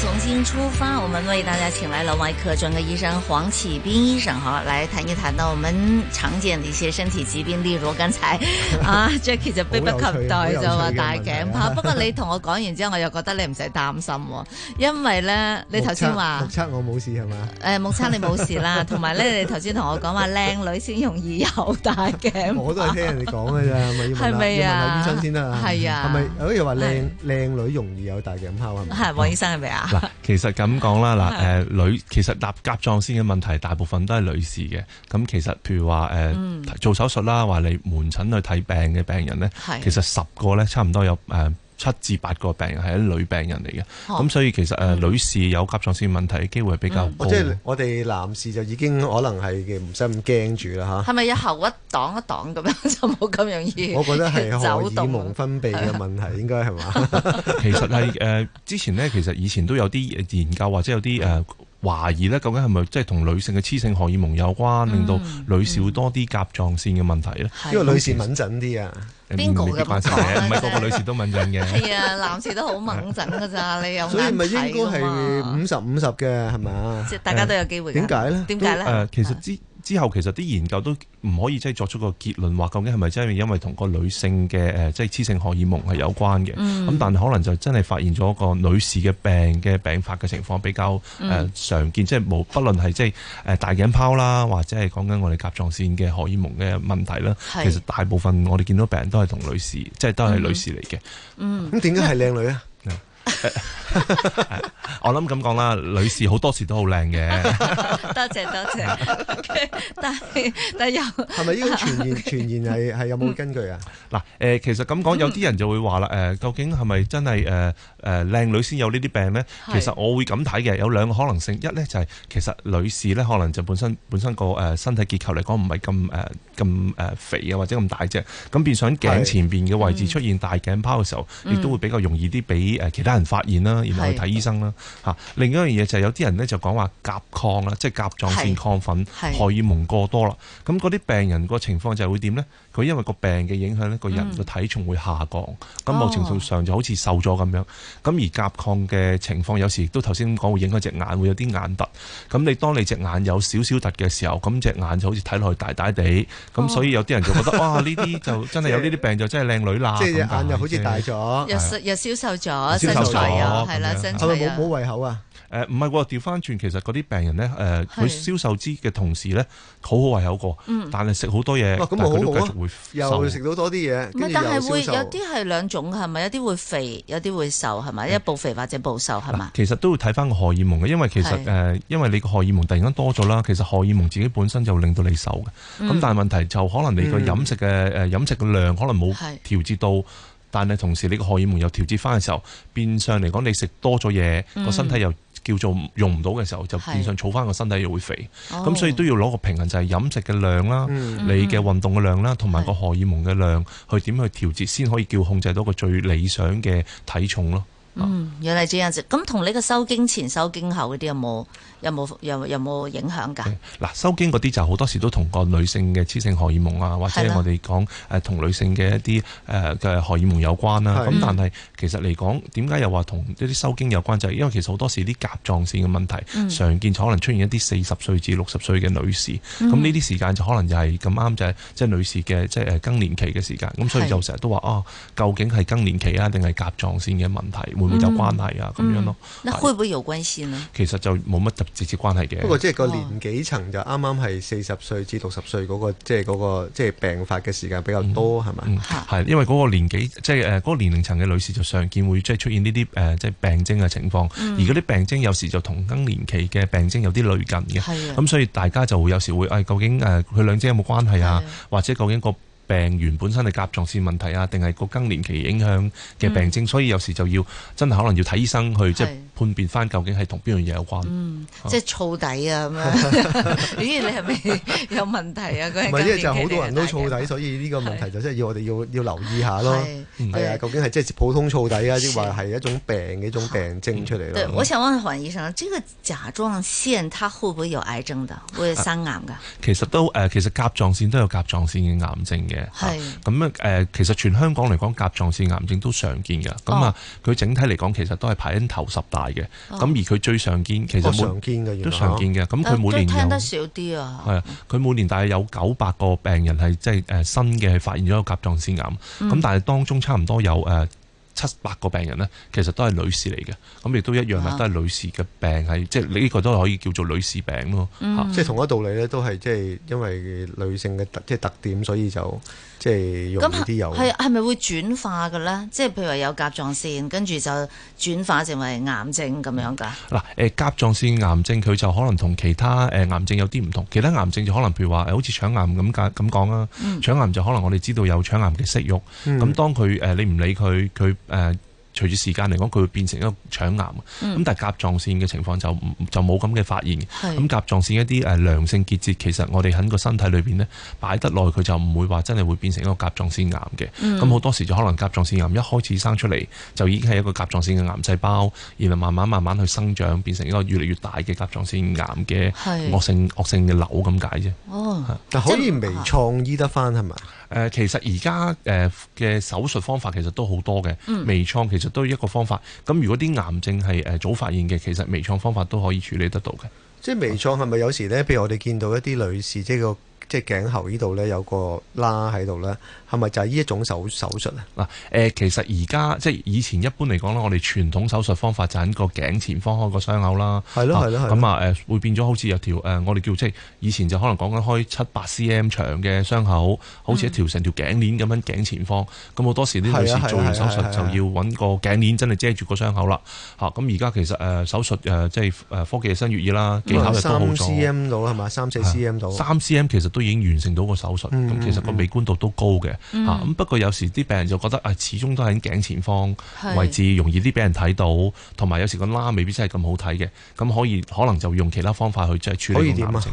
從新出發，我們為大家請來了外科專科醫生黃啟斌醫生，好，來談一談到我們常見的一些身體疾病例，例如啱先啊，Jackie 就迫不及待 就話大頸泡。嗯、不過你同我講完之後，我又覺得你唔使擔心、哦，因為咧你頭先話目測我冇事係嘛？誒、哎，目測你冇事啦，同埋咧你頭先同我講話靚女先容易有大頸泡， 我都係聽人哋講嘅咋，咪要問嗎要醫生先啊？係啊，係咪好似話靚靚女容易有大頸泡係，係黃醫生係咪？嗱， 其實咁講啦，嗱，誒女其實搭甲狀腺嘅問題大部分都係女士嘅。咁其實譬如話誒、呃、做手術啦，或你門診去睇病嘅病人咧，的其實十個咧差唔多有誒。呃七至八個病人係一女病人嚟嘅，咁、嗯嗯、所以其實誒、呃、女士有甲狀腺問題嘅機會係比較高、哦，即係我哋男士就已經可能係唔使咁驚住啦嚇。係咪一後一檔一檔咁樣就冇咁容易？ 我覺得係荷爾蒙分泌嘅問題應該係嘛？其實係誒、呃、之前呢，其實以前都有啲研究或者有啲誒。呃懷疑咧，究竟係咪即係同女性嘅雌性荷爾蒙有關，令到女士會多啲甲狀腺嘅問題咧？因為女士敏感啲啊，邊個嘅關係啊？唔係個個女士都敏感嘅。係啊，男士都好敏感噶咋？你又所以咪係應該係五十五十嘅，係咪？即係大家都有機會。點解咧？點解咧？誒，其實之。之後其實啲研究都唔可以即係作出個結論話究竟係咪真係因為同個女性嘅誒即係雌性荷爾蒙係有關嘅，咁、嗯、但係可能就真係發現咗個女士嘅病嘅病發嘅情況比較誒、呃嗯、常見，即係無不論係即係誒大頸泡啦，或者係講緊我哋甲狀腺嘅荷爾蒙嘅問題啦，是其實大部分我哋見到病人都係同女士，即、就、係、是、都係女士嚟嘅，嗯。嗯，咁點解係靚女啊？ 我諗咁講啦，女士好多時都好靚嘅。多謝多謝，但係但係又係咪呢個傳言？傳言係係有冇根據啊？嗱，嗯，誒，其實咁講，有啲人就會話啦，誒，「究竟係咪真係誒誒，呃，靚女先有呢啲病呢？」其實我會咁睇嘅，有兩個可能性，一呢，就係其實女士呢，可能就本身本身個誒身體結構嚟講唔係咁誒咁誒肥啊，或者咁大隻，咁變相頸前邊嘅位置出現大頸泡嘅時候，亦都會比較容易啲俾誒其他。發現啦，然後去睇醫生啦，吓是。另一樣嘢就係有啲人咧就講話甲亢啦，是即係甲狀腺亢奮，荷爾是蒙過多啦。咁嗰啲病人個情況就係會點咧？佢因為個病嘅影響咧，個人個體重會下降，咁、嗯、某程度上就好似瘦咗咁樣。咁、哦、而甲亢嘅情況，有時都頭先講會影響隻眼，會有啲眼突。咁你當你隻眼有少少突嘅時候，咁隻眼就好似睇落去大大地。咁、哦、所以有啲人就覺得，哇、哦！呢 啲、啊、就真係有呢啲病就真係靚女啦，即係是是眼好對又好似大咗，又瘦又消瘦咗，身材係啦，對身材啊，係咪冇胃口啊？誒，唔係喎，調翻轉，其實嗰啲病人咧，誒，佢消瘦之嘅同時咧，好好係有一個，但係食好多嘢，但係佢都繼續會瘦，食到多啲嘢。但係會有啲係兩種係咪？有啲會肥，有啲會瘦係咪？一暴肥或者暴瘦係咪？其實都要睇翻個荷爾蒙嘅，因為其實誒，因為你個荷爾蒙突然間多咗啦，其實荷爾蒙自己本身就令到你瘦嘅。咁但係問題就可能你個飲食嘅誒飲食嘅量可能冇調節到，但係同時你個荷爾蒙又調節翻嘅時候，變相嚟講你食多咗嘢，個身體又。叫做用唔到嘅時候，就變相儲翻個身體又會肥，咁、oh. 所以都要攞個平衡，就係、是、飲食嘅量啦、mm. 你嘅運動嘅量啦，同埋個荷爾蒙嘅量，mm. 去點去調節先可以叫控制到個最理想嘅體重咯。嗯，原來這樣就咁同呢個收經前、收經後嗰啲有冇有冇有冇影響噶？嗱、嗯，收經嗰啲就好多時都同個女性嘅雌性荷爾蒙啊，或者我哋講誒同女性嘅一啲誒嘅荷爾蒙有關啦、啊。咁的、嗯、但係其實嚟講，點解又話同一啲收經有關？就係、是、因為其實好多時啲甲狀腺嘅問題，嗯、常見就可能出現一啲四十歲至六十歲嘅女士。咁呢啲時間就可能又係咁啱，就係即係女士嘅即係誒更年期嘅時間。咁所以就成日都話啊、哦，究竟係更年期啊，定係甲狀腺嘅問題？會會有關係啊，咁、嗯、樣咯。嗱會唔會有關係呢？其實就冇乜就直接關係嘅。不過即係個年紀層就啱啱係四十歲至六十歲嗰、嗰個，即係嗰個即係病發嘅時間比較多，係咪、嗯？係吧因為嗰個年紀即係誒嗰個年齡層嘅女士就常見會即係出現呢啲誒即係病徵嘅情況。嗯、而嗰啲病徵有時就同更年期嘅病徵有啲類近嘅。咁的、嗯、所以大家就會有時會誒、哎，究竟誒佢兩者有冇關係啊？的或者究竟、嗰個？病源本身係甲狀腺問題啊，定係個更年期影響嘅病症，所以有時就要真係可能要睇醫生去即係判別翻究竟係同邊樣嘢有關。即係燥底啊咁樣，咦你係咪有問題啊？唔係，因為就好多人都燥底，所以呢個問題就真係要我哋要要留意下咯。係啊，究竟係即係普通燥底啊，抑或係一種病嘅一種病症出嚟咧？我想問下黃醫生，呢個甲狀腺它會唔會有癌症的？會生癌噶？其實都誒，其實甲狀腺都有甲狀腺嘅癌症嘅。係咁咧，誒、啊呃，其實全香港嚟講，甲狀腺癌症都常見嘅，咁、哦、啊，佢整體嚟講，其實都係排喺頭十大嘅。咁、哦、而佢最常見，其實冇都常見嘅。咁、啊、佢、啊、每年有聽得少啲啊。係啊，佢每年大約有九百個病人係即係誒新嘅發現咗個甲狀腺癌，咁、嗯、但係當中差唔多有誒。呃七八個病人咧，其實都係女士嚟嘅，咁亦都一樣啦，都係女士嘅病係，即係呢個都可以叫做女士病咯，嗯、係即係同一道理咧，都係即係因為女性嘅特即係特點，所以就。即係容易啲有。係係咪會轉化嘅咧？即係譬如話有甲狀腺，跟住就轉化成為癌症咁樣㗎？嗱、呃，誒甲狀腺癌症佢就可能同其他誒、呃、癌症有啲唔同，其他癌症就可能譬如話誒好似腸癌咁講咁講啦。嗯、腸癌就可能我哋知道有腸癌嘅息肉，咁、嗯、當佢誒、呃、你唔理佢，佢誒。呃隨住時間嚟講，佢會變成一個腸癌。咁、嗯、但係甲狀腺嘅情況就就冇咁嘅發現。咁是甲狀腺一啲誒良性結節，其實我哋喺個身體裏邊呢，擺得耐，佢就唔會話真係會變成一個甲狀腺癌嘅。咁好、嗯、多時就可能甲狀腺癌一開始生出嚟就已經係一個甲狀腺嘅癌細胞，然後慢慢慢慢去生長，變成一個越嚟越大嘅甲狀腺癌嘅惡性是惡性嘅瘤咁解啫。哦啊、但係可以微創醫得翻係咪？誒、啊啊，其實而家誒嘅手術方法其實都好多嘅，微創其實。嗯嗯都一個方法，咁如果啲癌症係誒早發現嘅，其實微創方法都可以處理得到嘅。即係微創係咪有時咧？譬如我哋見到一啲女士，即係個。即係頸後呢度咧，有個拉喺度咧，係咪就係呢一種手手術啊？嗱，誒其實而家即係以前一般嚟講咧，我哋傳統手術方法就喺個頸前方開個傷口啦。係咯係咯。咁啊誒會變咗好似有條誒、啊、我哋叫即係以前就可能講緊開七八 cm 長嘅傷口，好似一條成條頸鏈咁樣頸前方。咁、嗯、好多時呢，女士做完手術就要揾個頸鏈真係遮住個傷口啦。嚇咁而家其實誒、啊、手術誒、啊、即係誒、啊、科技日新月異啦，技巧三 cm 到啦係嘛？三四 cm 到。三 cm 其實都已經完成到個手術，咁、嗯嗯、其實個美觀度都高嘅吓。咁、嗯、不過有時啲病人就覺得啊，始終都喺頸前方位置容易啲俾人睇到，同埋是有，有時個疤未必真係咁好睇嘅。咁可以可能就會用其他方法去即係處理個癌症。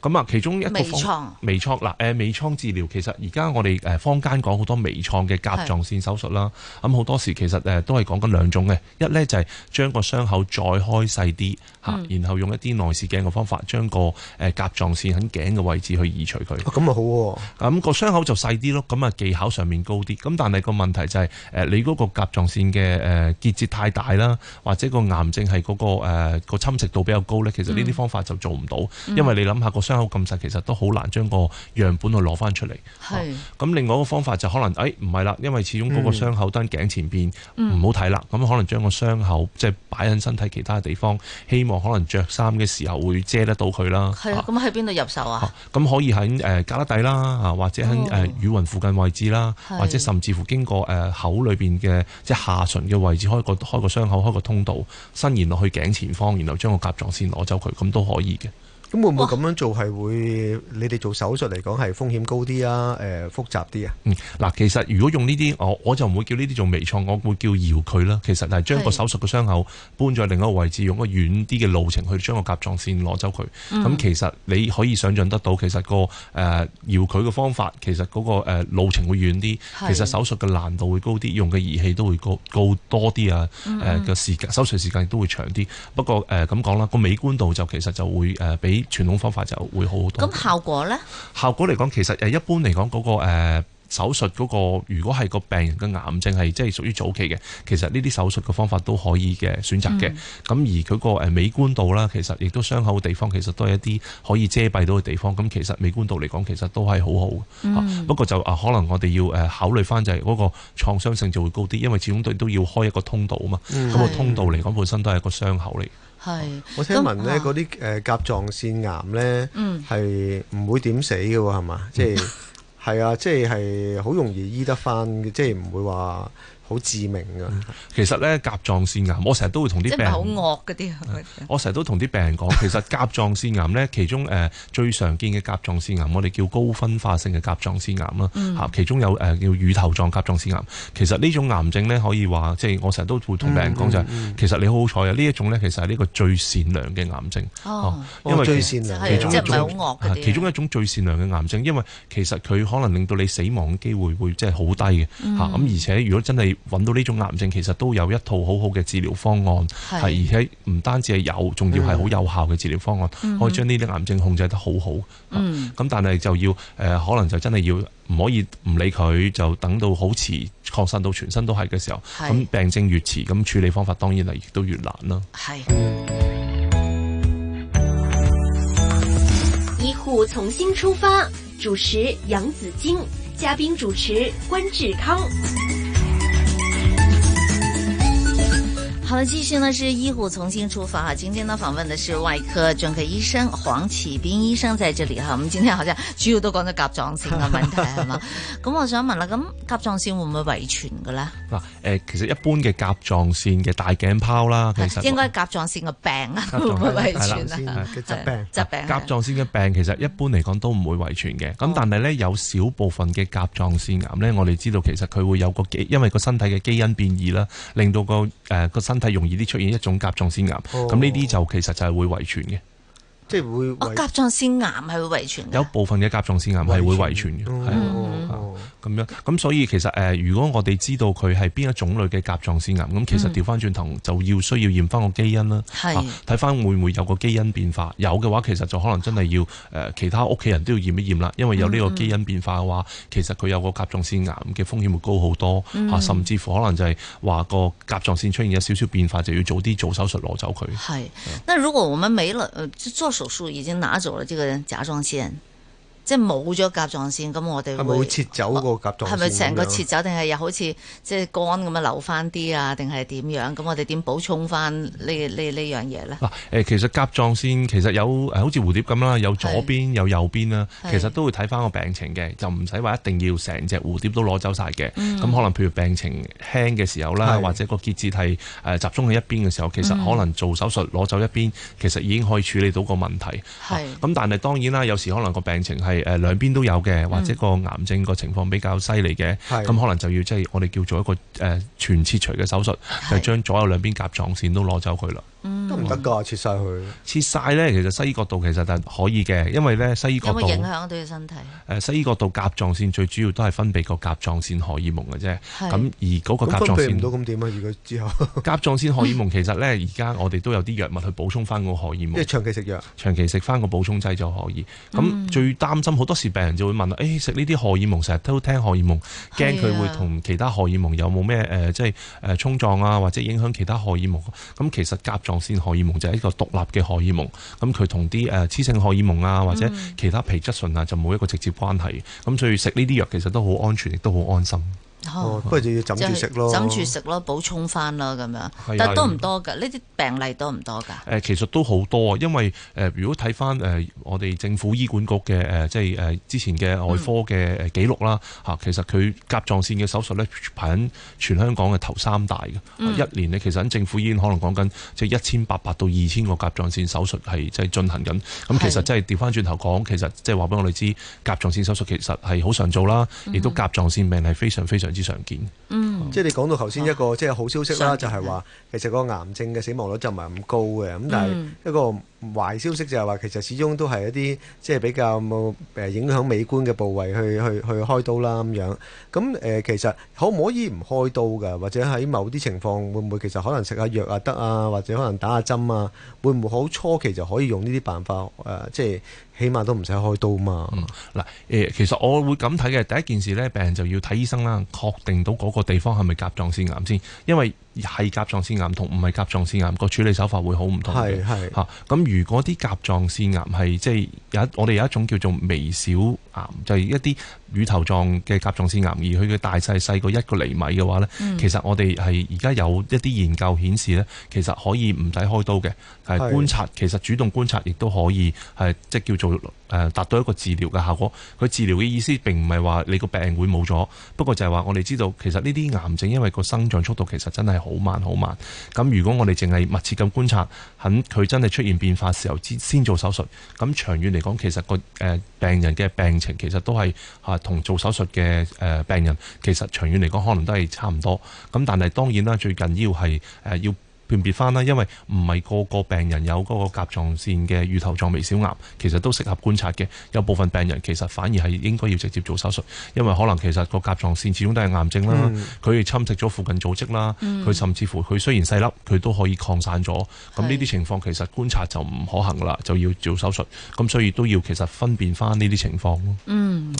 咁啊，其中一個微創，微創嗱，誒、呃、微創治療其實而家我哋誒坊間講好多微創嘅甲狀腺手術啦，咁好是多時其實誒都係講緊兩種嘅，一咧就係將個傷口再開細啲吓，嗯、然後用一啲內視鏡嘅方法將個誒甲狀腺喺頸嘅位置去移除佢。咁啊好啊，咁個傷口就細啲咯，咁啊技巧上面高啲，咁但係個問題就係、是、誒你嗰個甲狀腺嘅誒結節太大啦，或者個癌症係嗰、那個誒、呃、侵蝕度比較高咧，其實呢啲方法就做唔到，因為你諗下個。傷口咁細，其實都好難將個樣本去攞翻出嚟。係咁是，啊、另外一個方法就可能誒唔係啦，因為始終嗰個傷口喺頸前邊唔好睇啦。咁、嗯、可能將個傷口即係擺喺身體其他嘅地方，希望可能着衫嘅時候會遮得到佢啦。係咁喺邊度入手啊？咁、啊啊啊、可以喺誒胳肋底啦，啊或者喺誒乳暈附近位置啦，嗯、或者甚至乎經過誒、呃、口裏邊嘅即係下唇嘅位置開個開個傷口，開個通道，伸延落去頸前方，然後將個甲狀腺攞走佢，咁都可以嘅。咁會唔會咁樣做係會哇你哋做手術嚟講，係風險高啲啊？誒、呃、複雜啲啊？嗯，嗱，其實如果用呢啲，我我就唔會叫呢啲做微創，我會叫遙距啦。其實係將個手術嘅傷口搬咗另一個位置，是用個遠啲嘅路程去將個甲狀腺攞走佢。咁、嗯嗯、其實你可以想象得到，其實個誒遙距嘅方法，其實嗰個誒路程會遠啲，是其實手術嘅難度會高啲，用嘅儀器都會高高多啲啊。誒嘅、嗯嗯、時間手術時間亦都會長啲。不過誒咁講啦，個美觀度就其實就會誒。比。傳統方法就會好好多。咁效果咧？效果嚟講，其實誒一般嚟講嗰個誒。手術嗰、那個，如果係個病人嘅癌症係即係屬於早期嘅，其實呢啲手術嘅方法都可以嘅選擇嘅。咁、嗯、而佢個誒美觀度啦，其實亦都傷口嘅地方，其實都係一啲可以遮蔽到嘅地方。咁其實美觀度嚟講，其實都係好好。嗯、不過就啊，可能我哋要誒考慮返就係嗰個創傷性就會高啲，因為始終都都要開一個通道啊嘛。咁、嗯、個通道嚟講，本身都係一個傷口嚟。係，我聽聞咧嗰啲誒甲狀腺癌咧，係唔會點死㗎係嘛？即係。係啊，即係好容易醫得翻嘅，即係唔會話好致命噶，嗯、其實咧甲狀腺癌，我成日都會同啲病即係唔係好惡嗰啲？我成日都同啲病人講、嗯，其實甲狀腺癌咧，其中誒、呃、最常見嘅甲狀腺癌，我哋叫高分化性嘅甲狀腺癌啦。嚇、啊，其中有誒、呃、叫乳頭狀甲狀腺癌。其實呢種癌症咧，可以話即係我成日都會同病人講就係，其實你好好彩啊！呢一種咧，其實係呢個最善良嘅癌症。哦，我最善良嘅癌症，其中一種，其中一種最善良嘅癌症，因為其實佢可能令到你死亡嘅機會會即係好低嘅嚇。咁、啊、而且如果真係揾到呢種癌症，其實都有一套好好嘅治療方案，係是而且唔單止係有，仲要係好有效嘅治療方案，嗯、哼可以將呢啲癌症控制得好好。咁、嗯啊、但係就要誒、呃，可能就真係要唔可以唔理佢，就等到好遲擴散到全身都係嘅時候，咁是病症越遲，咁處理方法當然嚟亦都越難啦。係是。 醫護重新出發，主持楊子晶，嘉賓主持關志康。好的，繼續呢是醫護重新出發啊！今天呢訪問的是外科專科醫生黃啟斌醫生在這裡哈。我們今天好像主要都講咗甲狀腺嘅問題係嘛？咁 我想問啦，咁甲狀腺會唔會遺傳噶咧？嗱，誒，其實一般嘅甲狀腺嘅大頸泡啦，其實應該甲狀腺嘅病，會唔會遺傳啊？疾病，甲狀腺嘅病，甲狀腺嘅病，其實一般嚟講都唔會遺傳嘅。咁、哦、但係呢，有少部分嘅甲狀腺癌呢，我哋知道其實佢會有個基，因為身因個,個,個身體嘅基因變異啦，令到個誒個身。太容易啲出現一種甲狀腺癌，咁呢啲就其實就係會遺傳嘅，即係會。甲狀腺癌係會遺傳嘅。有部分嘅甲狀腺癌係會遺傳嘅，係啊。咁樣，咁、嗯、所以其實誒、呃，如果我哋知道佢係邊一種類嘅甲狀腺癌，咁其實調翻轉頭就要需要驗翻個基因啦，睇翻是、啊、會唔會有個基因變化。有嘅話，其實就可能真係要誒、呃、其他屋企人都要驗一驗啦，因為有呢個基因變化嘅話，嗯、其實佢有個甲狀腺癌嘅風險會高好多啊，甚至乎可能就係話個甲狀腺出現有少少變化，就要早啲做手術攞走佢。係是，嗯、那如果我們沒了，做手術已經拿走了這個甲狀腺。嗯嗯即係冇咗甲狀腺，咁我哋係咪會切走個甲狀腺？係咪成個切走，定係又好似即係肝咁樣流翻啲啊？定係點樣？咁我哋點補充翻呢呢呢樣嘢咧？嗱誒，其實甲狀腺其實有誒，好似蝴蝶咁啦，有左邊是有右邊啦。是其實都會睇翻個病情嘅，就唔使話一定要成隻蝴蝶都攞走晒嘅。咁、嗯、可能譬如病情輕嘅時候啦，是或者個結節係誒集中喺一邊嘅時候，其實可能做手術攞走一邊，其實已經可以處理到個問題。係咁是、啊，但係當然啦，有時可能個病情係。誒兩邊都有嘅，或者個癌症個情況比較犀利嘅，咁、嗯、可能就要即係、就是、我哋叫做一個誒、呃、全切除嘅手術，就將是的 左右兩邊甲狀腺都攞走佢啦。嗯，都唔得㗎，切晒佢。切晒咧，其實西醫角度其實係可以嘅，因為咧西醫角度影響對身體？誒、呃，西醫角度甲狀腺最主要都係分泌個甲狀腺荷爾蒙嘅啫。咁是而嗰個甲狀腺分泌唔到咁點啊？如果之後甲狀腺荷爾蒙其實咧，而家 我哋都有啲藥物去補充翻個荷爾蒙。即係長期食藥。長期食翻個補充劑就可以。咁、嗯、最擔心好多時病人就會問誒，食呢啲荷爾蒙，成日都聽荷爾蒙，驚佢會同其他荷爾蒙有冇咩誒，即係誒衝撞啊，或者影響其他荷爾蒙。咁其實甲先荷爾蒙就係、是、一個獨立嘅荷爾蒙，咁佢同啲誒雌性荷爾蒙啊或者其他皮質醇啊就冇一個直接關係，咁所以食呢啲藥其實都好安全，亦都好安心。Oh, 不過就要枕住食咯，枕住食咯，補充翻咯咁樣。的但係都唔多噶，呢啲的病例多唔多噶？誒，其實都好多啊，因為誒，如果睇翻誒我哋政府醫管局嘅誒，即係誒之前嘅外科嘅誒記錄啦，吓，其實佢甲狀腺嘅手術咧排喺全香港嘅頭三大嘅。一年呢，其實喺政府醫院可能講緊即係一千八百到二千個甲狀腺手術係即係進行緊。咁其實即係調翻轉頭講，其實即係話俾我哋知，甲狀腺手術其實係好常做啦，亦都、嗯、甲狀腺病係非常非常。唔常見，嗯，即係你講到頭先一個即係好消息啦，就係話其實個癌症嘅死亡率就唔係咁高嘅，咁、嗯、但係一個。壞消息就係話，其實始終都係一啲即係比較冇影響美觀嘅部位去去去開刀啦咁樣。咁誒其實可唔可以唔開刀㗎？或者喺某啲情況會唔會其實可能食下藥啊得啊？或者可能打下針啊？會唔會好初期就可以用呢啲辦法誒、啊？即係起碼都唔使開刀嘛？嗱誒、嗯，其實我會咁睇嘅第一件事呢，病人就要睇醫生啦，確定到嗰個地方係咪甲狀腺癌先，因為。係甲狀腺癌同唔係甲狀腺癌個處理手法會好唔同嘅，嚇。咁、啊、如果啲甲狀腺癌係即係有一我哋有一種叫做微小癌，就係、係、一啲乳頭狀嘅甲狀腺癌，而佢嘅大細細過一個厘米嘅話咧，嗯、其實我哋係而家有一啲研究顯示咧，其實可以唔使開刀嘅，係觀察，係其實主動觀察亦都可以，係即係叫做。誒達到一個治療嘅效果，佢治療嘅意思並唔係話你個病會冇咗，不過就係話我哋知道其實呢啲癌症因為個生長速度其實真係好慢好慢，咁如果我哋淨係密切咁觀察，喺佢真係出現變化時候先做手術，咁長遠嚟講其實個誒病人嘅病情其實都係嚇同做手術嘅誒病人其實長遠嚟講可能都係差唔多，咁但係當然啦，最緊要係誒要。判別翻啦，因為唔係個個病人有嗰個甲狀腺嘅乳頭狀微小癌，其實都適合觀察嘅。有部分病人其實反而係應該要直接做手術，因為可能其實個甲狀腺始終都係癌症啦，佢哋、嗯、侵蝕咗附近組織啦，佢甚至乎佢雖然細粒，佢都可以擴散咗。咁呢啲情況其實觀察就唔可行啦，就要做手術。咁所以都要其實分辨翻呢啲情況咯。嗯，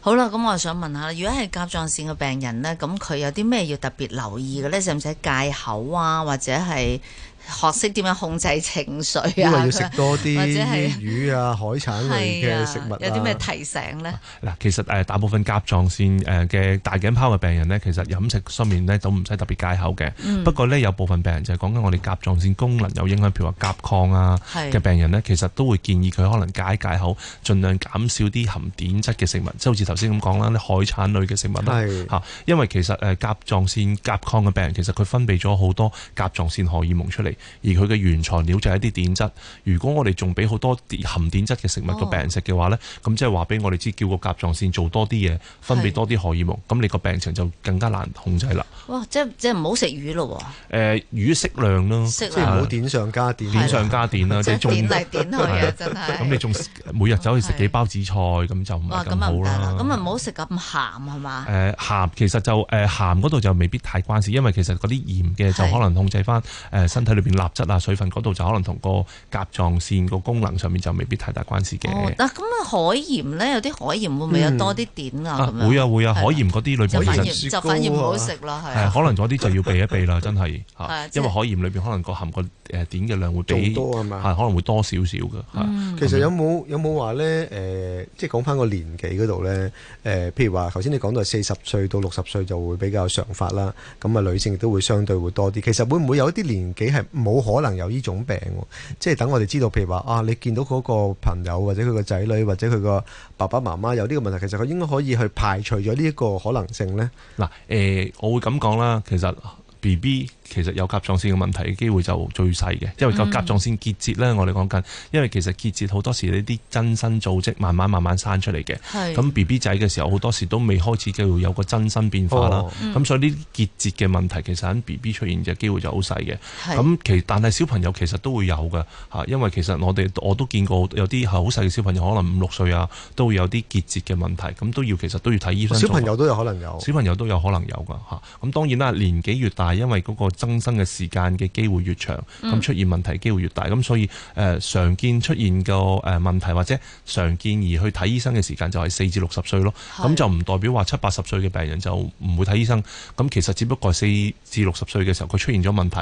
好啦，咁我想問下，如果係甲狀腺嘅病人呢，咁佢有啲咩要特別留意嘅呢？使唔使戒口啊？或者係？係。學識點樣控制情緒啊，或者係魚啊、海產類嘅食物、啊啊，有啲咩提醒呢？嗱，其實誒，大、呃、部分甲狀腺誒嘅大頸泡嘅病人呢，其實飲食上面呢都唔使特別戒口嘅。嗯、不過呢，有部分病人就係講緊我哋甲狀腺功能有影響，譬如話甲亢啊嘅是病人呢，其實都會建議佢可能戒戒,戒口，盡量減少啲含碘質嘅食物，即係好似頭先咁講啦，海產類嘅食物啦吓。是因為其實誒甲狀腺甲亢嘅病人，其實佢分泌咗好多甲狀腺荷爾蒙出嚟。而佢嘅原材料就係一啲碘質，如果我哋仲俾好多含碘質嘅食物個病人食嘅話咧，咁即係話俾我哋知，叫個甲狀腺做多啲嘢，分泌多啲荷爾蒙，咁你個病情就更加難控制啦。哇！即係即係唔好食魚咯？誒，魚適量咯，即係唔好點上加點，點上加點啦。即係點嚟點去啊，真係。咁你仲每日走去食幾包紫菜咁就唔係哇咁啊好啦，咁啊唔好食咁鹹係嘛？誒，鹹其實就誒鹹嗰度就未必太關事，因為其實嗰啲鹽嘅就可能控制翻誒身體裏。鹼質啊、水分嗰度就可能同個甲狀腺個功能上面就未必太大關事嘅。哦，嗱咁啊，海鹽咧，有啲海鹽會唔會有多啲碘啊？會啊會啊，海鹽嗰啲裏邊其實就反而唔好食咯，係。係啊，可能嗰啲就要避一避啦，真係嚇。係，因為海鹽裏邊可能個含個誒碘嘅量會比仲多啊嘛？係，可能會多少少嘅嚇。其實有冇有冇話咧？誒，即係講返個年紀嗰度咧？誒，譬如話頭先你講到係四十歲到六十歲就會比較常發啦。咁啊，女性亦都會相對會多啲。其實會唔會有一啲年紀係？冇可能有呢種病，即係等我哋知道，譬如話啊，你見到嗰個朋友或者佢個仔女或者佢個爸爸媽媽有呢個問題，其實佢應該可以去排除咗呢一個可能性呢？嗱，誒，我會咁講啦，其實 BB。其實有甲狀腺嘅問題嘅機會就最細嘅，因為甲狀腺結節呢。嗯、我哋講緊，因為其實結節好多時呢啲真身組織慢慢慢慢生出嚟嘅。咁 B B 仔嘅時候好多時都未開始嘅會有個真身變化啦。咁、哦、所以呢啲結節嘅問題其實喺 B B 出現嘅機會就好細嘅。咁是其但係小朋友其實都會有嘅嚇，因為其實我哋我都見過有啲好細嘅小朋友，可能五六歲啊，都會有啲結節嘅問題，咁都要其實都要睇醫生、哦。小朋友都有可能有。小朋友都有可能有㗎嚇。咁、嗯、當然啦，年紀越大，因為嗰、那個。增生嘅時間嘅機會越長，咁出現問題機會越大，咁所以誒常見出現個誒問題或者常見而去睇醫生嘅時間就係四至六十歲咯，咁就唔代表話七八十歲嘅病人就唔會睇醫生，咁其實只不過四至六十歲嘅時候佢出現咗問題，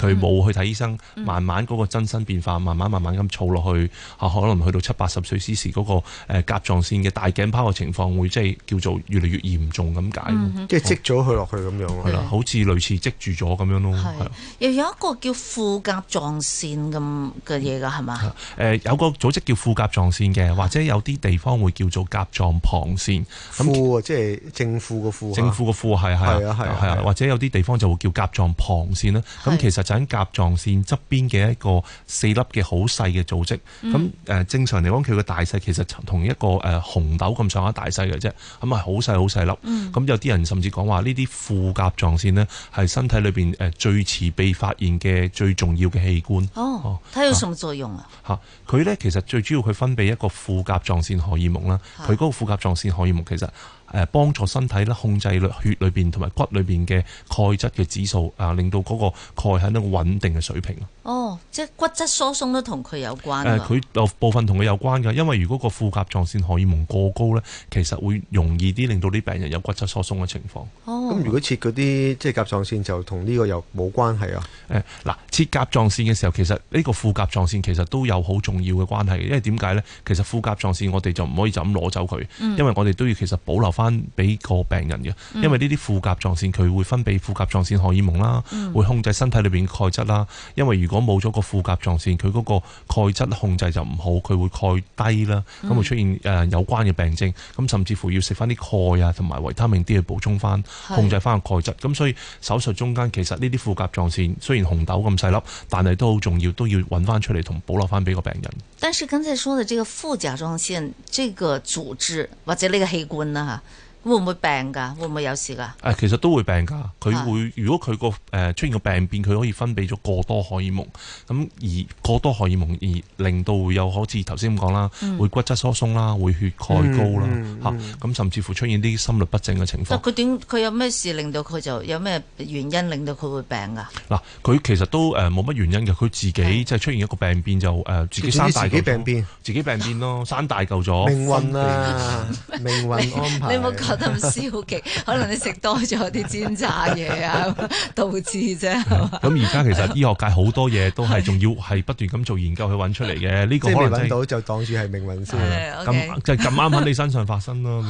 佢冇去睇醫生，慢慢嗰個增生變化，慢慢慢慢咁儲落去，啊可能去到七八十歲時時嗰個誒甲狀腺嘅大頸泡嘅情況會即係叫做越嚟越嚴重咁解，即係積咗去落去咁樣，係啦，好似類似積住咗咁樣。係，又有一個叫副甲狀腺咁嘅嘢㗎，係嘛？誒，有個組織叫副甲狀腺嘅，或者有啲地方會叫做甲狀旁腺。副即係正副嘅副。正副嘅副，係係啊，係啊，或者有啲地方就會叫甲狀旁腺啦。咁其實就喺甲狀腺側邊嘅一個四粒嘅好細嘅組織。咁誒正常嚟講，佢嘅大細其實同一個誒紅豆咁上下大細嘅啫。咁係好細好細粒。咁有啲人甚至講話呢啲副甲狀腺呢係身體裏邊最遲被發現嘅最重要嘅器官，哦，啊、它有什麼作用啊？嚇、啊，佢咧其實最主要佢分泌一個副甲狀腺荷爾蒙啦，佢嗰個副甲狀腺荷爾蒙其實，誒幫助身體咧控制血裏邊同埋骨裏邊嘅鈣質嘅指數啊，令到嗰個鈣喺一個穩定嘅水平哦，即係骨質疏鬆都同佢有關。誒、呃，佢部分同佢有關㗎，因為如果個副甲狀腺荷爾蒙過高咧，其實會容易啲令到啲病人有骨質疏鬆嘅情況。哦，咁如果切嗰啲即係甲狀腺就同呢個又冇關係啊？誒、呃，嗱。切甲狀腺嘅時候，其實呢個副甲狀腺其實都有好重要嘅關係，因為點解呢？其實副甲狀腺我哋就唔可以就咁攞走佢，嗯、因為我哋都要其實保留翻俾個病人嘅，嗯、因為呢啲副甲狀腺佢會分泌副甲狀腺荷爾蒙啦，嗯、會控制身體裏邊嘅鈣質啦。因為如果冇咗個副甲狀腺，佢嗰個鈣質控制就唔好，佢會鈣低啦，咁、嗯、會出現誒有關嘅病症，咁甚至乎要食翻啲鈣啊同埋維他命 D 去補充翻，控制翻個鈣質。咁是所以手術中間其實呢啲副甲狀腺雖然紅豆咁係咯，但係都好重要，都要揾翻出嚟同保留翻俾個病人。但是剛才說的這個副甲狀腺這個組織或者呢個器官啦吓，啊。會唔會病噶？會唔會有事噶？誒，其實都會病㗎。佢會、啊、如果佢個誒、呃、出現個病變，佢可以分泌咗過多荷爾蒙，咁而過多荷爾蒙而令到會有好似頭先咁講啦，嗯、會骨質疏鬆啦，會血鈣高啦，嚇咁、嗯嗯嗯啊、甚至乎出現啲心律不正嘅情況。佢點、啊？佢有咩事令到佢就有咩原因令到佢會病㗎？嗱、啊，佢其實都誒冇乜原因嘅，佢自己、嗯、即係出現一個病變就誒、呃、自己生大嚿。自己，自己病變， 自己病變咯，生大嚿咗。命運啊，命運安排。 咁消極，可能你食多咗啲煎炸嘢啊，導致啫。咁而家其實醫學界好多嘢都係仲要係不斷咁做研究去揾出嚟嘅，呢 是 個可能、就是、揾到就當住係命運先。咁即係咁啱喺你身上發生咯。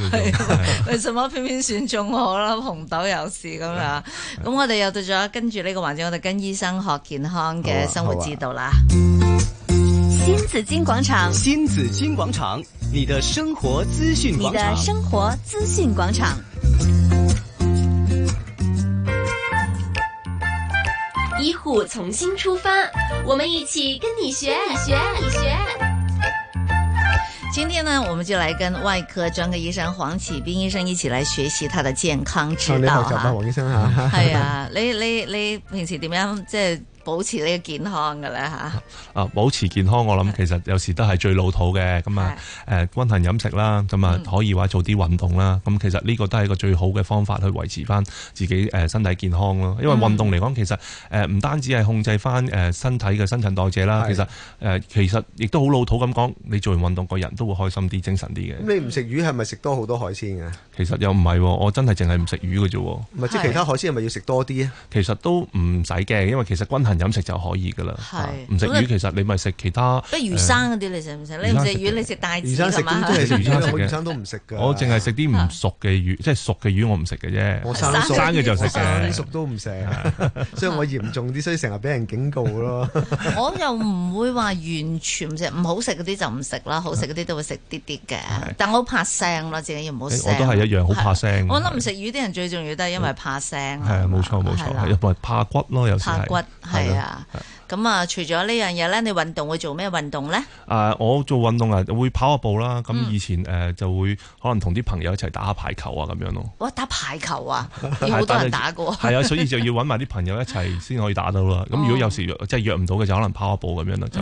為什麼偏偏選中我啦？紅豆有事咁樣？咁 我哋又到咗跟住呢個環節，我哋跟醫生學健康嘅生活指導啦。新紫金廣場，新紫金廣場，你的生活資訊廣場，你的生活資訊廣場。 醫護從新出發，我們一起跟你學，你學，你學。今天呢，我們就來跟外科專科醫生黃啟斌醫生一起來學習他的健康之道哈。黃醫生啊，係啊，你、 哎、你你平時點樣即係？保持呢個健康嘅啦。嚇，啊保持健康我諗其實有時都係最老土嘅，咁的啊誒均衡飲食啦，咁啊可以話做啲運動啦，咁、嗯啊、其實呢個都係一個最好嘅方法去維持翻自己誒身體健康咯、啊。因為運動嚟講，其實誒唔單止係控制翻誒身體嘅新陳代謝啦的、啊，其實誒其實亦都好老土咁講，你做完運動個人都會開心啲、精神啲嘅。你唔食魚係咪食多好多海鮮嘅、啊？其實又唔係，我真係淨係唔食魚嘅啫。唔即係其他海鮮係咪要食多啲啊？的其實都唔使驚，因為其實均衡飲食就可以噶啦，係唔食魚，其實你咪食其他，即係魚生嗰啲你食唔食？你唔食魚，你食大魚生係嘛？魚生魚生都唔食嘅。我淨係食啲唔熟嘅魚，即係熟嘅魚我唔食嘅啫。我生熟嘅就食嘅，熟都唔食。所以我嚴重啲，所以成日俾人警告咯。我又唔會話完全唔食，唔好食嗰啲就唔食啦，好食嗰啲都會食啲啲嘅。但係我怕腥啦，自己要唔好腥。我都係一樣好怕腥。我諗唔食魚啲人最重要都係因為怕腥。係冇錯冇錯，又唔係怕骨咯，有怕骨。係啊，咁啊，除咗呢樣嘢咧，你運動會做咩運動咧？啊，我做運動啊，會跑下步啦。咁以前誒，就會可能同啲朋友一齊打下排球啊，咁樣咯。哇，打排球啊，有好多人打過。係啊，所以就要揾埋啲朋友一齊先可以打到啦。咁如果有時約即係約唔到嘅，就可能跑下步咁樣咯，就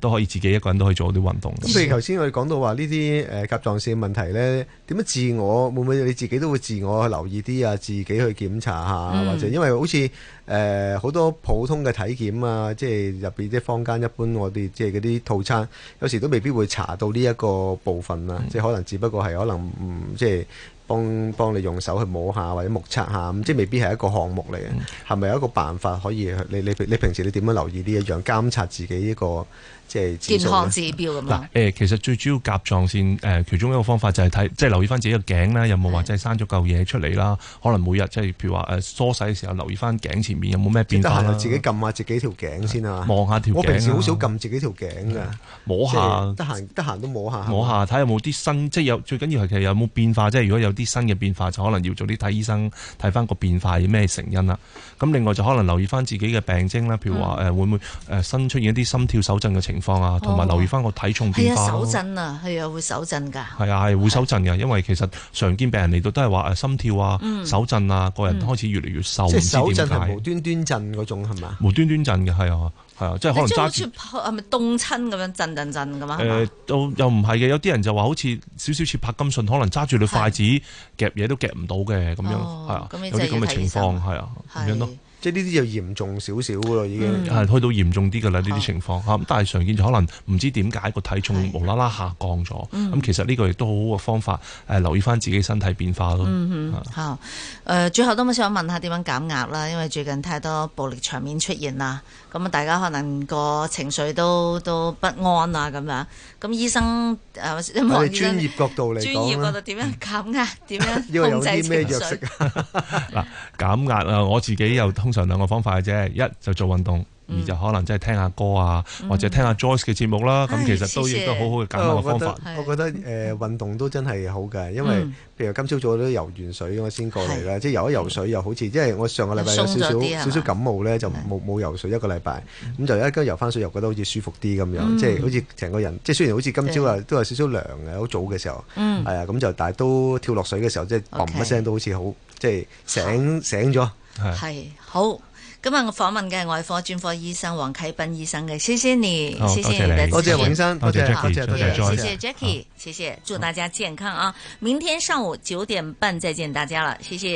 都可以自己一個人都可以做啲運動。咁譬如頭先我哋講到話呢啲誒甲狀腺問題咧，點樣自我會唔會你自己都會自我去留意啲啊？自己去檢查下，或者因為好似。誒好、呃、多普通嘅體檢啊，即係入邊啲坊間一般我哋即係嗰啲套餐，有時都未必會查到呢一個部分啊，的即係可能只不過係可能唔、嗯、即係。幫幫你用手去摸下或者目測下，即係未必係一個項目嚟嘅。係咪、嗯、有一個辦法可以？你你你平時你點樣留意呢一樣監察自己呢個即係健康指標咁樣？誒，其實最主要甲狀腺誒其中一個方法就係睇，即係留意翻自己個頸啦，有冇話即係生咗嚿嘢出嚟啦？嗯、可能每日即係譬如話誒梳洗嘅時候留意翻頸前面有冇咩變化？得閒啊，自己撳下自己條頸先啊！望下條頸、啊。我平時好少撳自己條頸噶、啊，摸下。得閒得閒都摸下。摸下睇有冇啲新，即係有最緊要係其實有冇變化即係？如果有，啲新嘅變化就可能要早啲睇醫生，睇翻個變化係咩成因啦。咁另外就可能留意翻自己嘅病徵啦，譬如話誒、嗯、會唔會誒新出現啲心跳手震嘅情況啊，同埋留意翻個體重變化。啊手震啊，係啊，啊會手震㗎。係啊係、啊、會手震㗎，是因為其實常見病人嚟到都係話誒心跳啊、手震啊，個人都開始越嚟越瘦。嗯、唔知即係手震無端端震嗰種係嘛？無端端震嘅係啊係啊，即係可能揸住係咪凍親咁樣震震震咁啊？誒都又唔係嘅，有啲人就話好似少少似柏金遜，可能揸住你筷子。夾嘢都夾唔到嘅咁樣，係、哦、啊，有啲咁嘅情況，係啊，咁樣咯。即呢啲就嚴重少少嘅咯，已經係推到嚴重啲嘅啦。呢啲情況嚇，咁但係常見就可能唔知點解個體重無啦啦下降咗。咁、嗯、其實呢個亦都好好嘅方法，誒、呃、留意翻自己身體變化咯。嚇，最後都冇想問下點樣減壓啦，因為最近太多暴力場面出現啦，咁啊大家可能個情緒都都不安啊咁樣。咁醫生誒，我、啊、專業角度嚟專業角度點樣減壓？點、嗯、樣控制情緒啊？嗱 減壓啊，我自己又通。上兩個方法嘅啫，一就做運動，二就可能即係聽下歌啊，或者聽下 Joyce 嘅節目啦。咁其實都亦都好好嘅減壓嘅方法。我覺得誒，運動都真係好嘅，因為譬如今朝早我都游完水，我先過嚟啦。即係游一游水，又好似即係我上個禮拜有少少少少感冒咧，就冇冇游水一個禮拜，咁就一跟游翻水，又覺得好似舒服啲咁樣，即係好似成個人。即係雖然好似今朝啊，都有少少涼嘅，好早嘅時候係啊，咁就但係都跳落水嘅時候，即係嘣一聲都好似好，即係醒醒咗係。好、哦，今日我訪問嘅外科專科醫生黃啟斌醫生嘅謝謝你，多謝你，謝謝你的多謝永生，多謝 Jackie 多謝多謝好多謝，謝謝 Jackie，好謝謝，祝大家健康啊！明天上午九點半再見大家了，謝謝。